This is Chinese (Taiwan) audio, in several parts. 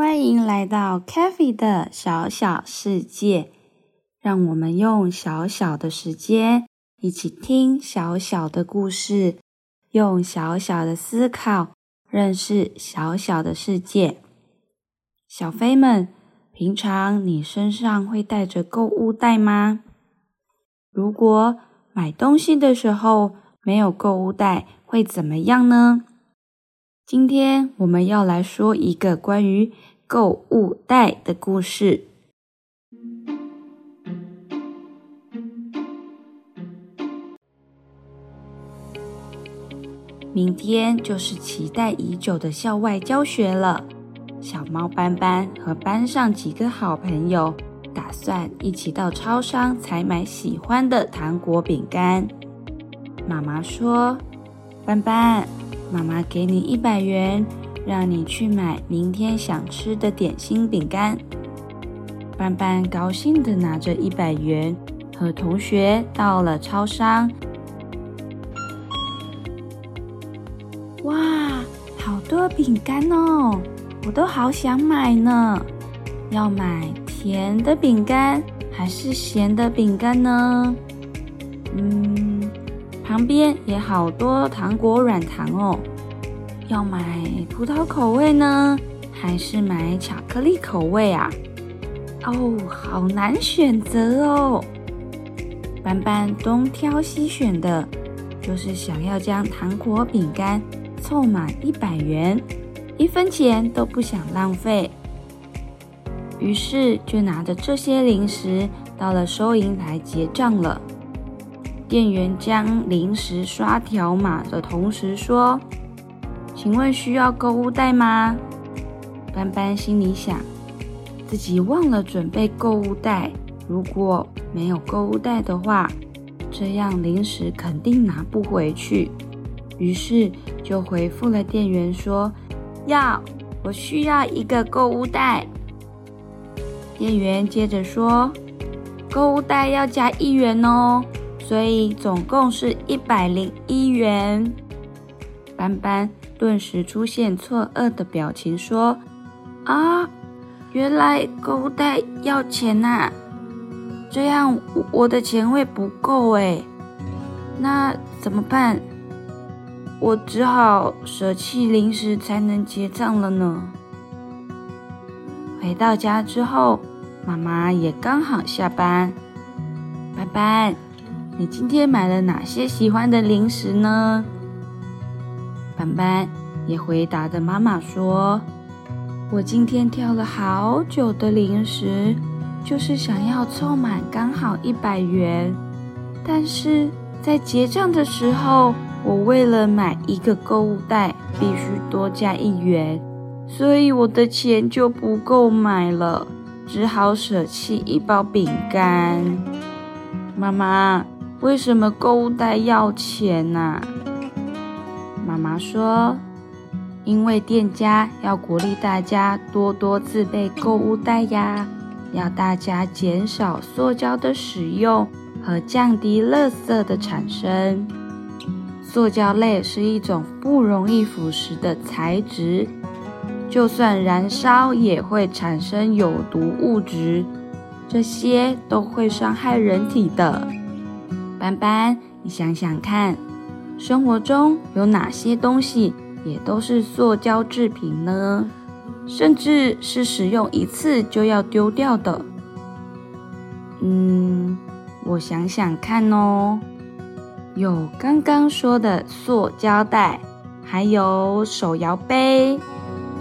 歡迎來到 Kathy 的小小世界。讓我們用小小的時間，一起聽小小的故事，用小小的思考，認識小小的世界。小飛們，平常你身上會帶着購物袋嗎？如果買東西的時候沒有購物袋，會怎麼樣呢？今天我們要來說一個關於購物袋的故事。明天就是期待已久的校外教學了。小貓班班和班上幾個好朋友打算一起到超商採買喜歡的糖果餅乾。媽媽說：“班班，媽媽給你一百元。”讓你去買明天想吃的點心餅乾。班班高興地拿着一百元，和同學到了超商。哇，好多餅乾哦！我都好想買呢。要買甜的餅乾還是鹹的餅乾呢？嗯，旁邊也好多糖果軟糖哦。要買葡萄口味呢，還是買巧克力口味啊？哦，好難選擇哦！斑斑東挑西選的，就是想要將糖果餅乾湊滿一百元，一分錢都不想浪費。於是就拿着這些零食到了收銀台結賬了。店員將零食刷條碼的同時說：請問需要購物袋嗎？斑斑心裡想，自己忘了準備購物袋。如果沒有購物袋的話，這樣零食肯定拿不回去。於是就回復了店員說：“要，我需要一個購物袋。”店員接着說：“購物袋要加一元哦，所以總共是一百零一元。”斑斑。頓時出現錯愕的表情，說：“啊，原來購物袋要錢吶、啊！這樣我，我的錢會不夠哎，那怎麼辦？我只好舍棄零食才能結賬了呢。”回到家之後，媽媽也剛好下班。白白，你今天買了哪些喜歡的零食呢？板板也回答的。媽媽說：“我今天挑了好久的零食，就是想要湊滿剛好一百元。但是在結賬的時候，我為了買一個購物袋，必須多加一元，所以我的錢就不夠買了，只好舍棄一包餅乾。”媽媽，為什麼購物袋要錢啊？媽媽說：“因為店家要鼓勵大家多多自備購物袋呀，要大家減少塑膠的使用和降低垃圾的產生。塑膠類是一種不容易腐蝕的材質，就算燃燒也會產生有毒物質，這些都會傷害人體的。斑斑，你想想看。”生活中有哪些東西也都是塑膠製品呢？甚至是使用一次就要丟掉的。嗯，我想想看哦，有剛剛說的塑膠袋，還有手搖杯、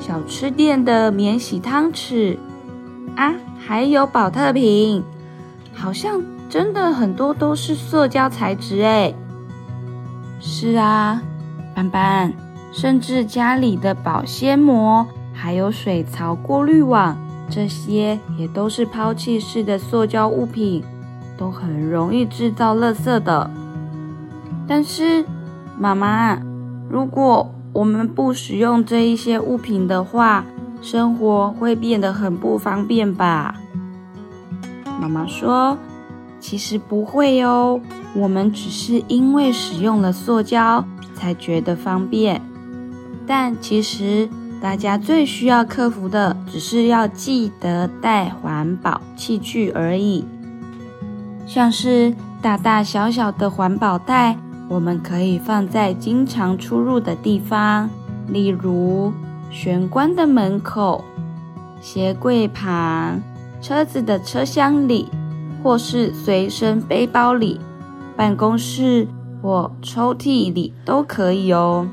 小吃店的免洗湯匙啊，還有寶特瓶，好像真的很多都是塑膠材質誒。是啊，斑斑，甚至家裡的保鮮膜，還有水槽過濾網，這些也都是拋棄式的塑膠物品，都很容易製造垃圾的。但是，媽媽，如果我們不使用這一些物品的話，生活會變得很不方便吧？媽媽說。其實不會哦，我們只是因為使用了塑膠才覺得方便。但其實大家最需要克服的，只是要記得帶環保器具而已。像是大大小小的環保袋，我們可以放在經常出入的地方，例如玄關的門口、鞋櫃旁、車子的車廂裡或是隨身背包裡、辦公室或抽屜裡都可以哦。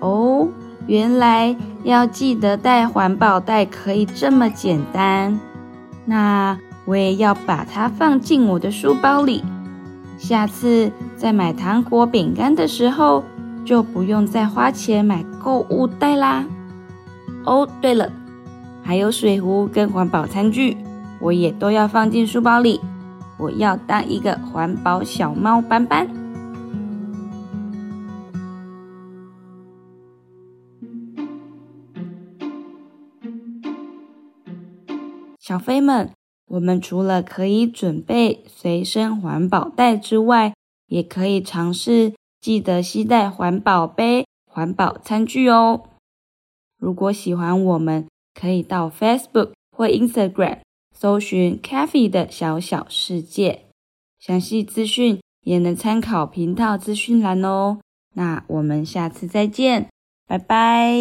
哦，原來要記得帶環保袋可以這麼簡單。那我也要把它放進我的書包裡。下次再買糖果、餅乾的時候，就不用再花錢買購物袋啦。哦，對了，還有水壺跟環保餐具。我也都要放進書包裡。我要當一個環保小貓斑斑。小飛們，我們除了可以準備隨身環保袋之外，也可以嘗試記得攜帶環保杯、環保餐具哦。如果喜歡我們，可以到 Facebook 或 Instagram。搜尋 Kathy 的小小世界，詳細資訊也能參考頻道資訊欄哦。那我們下次再見，拜拜。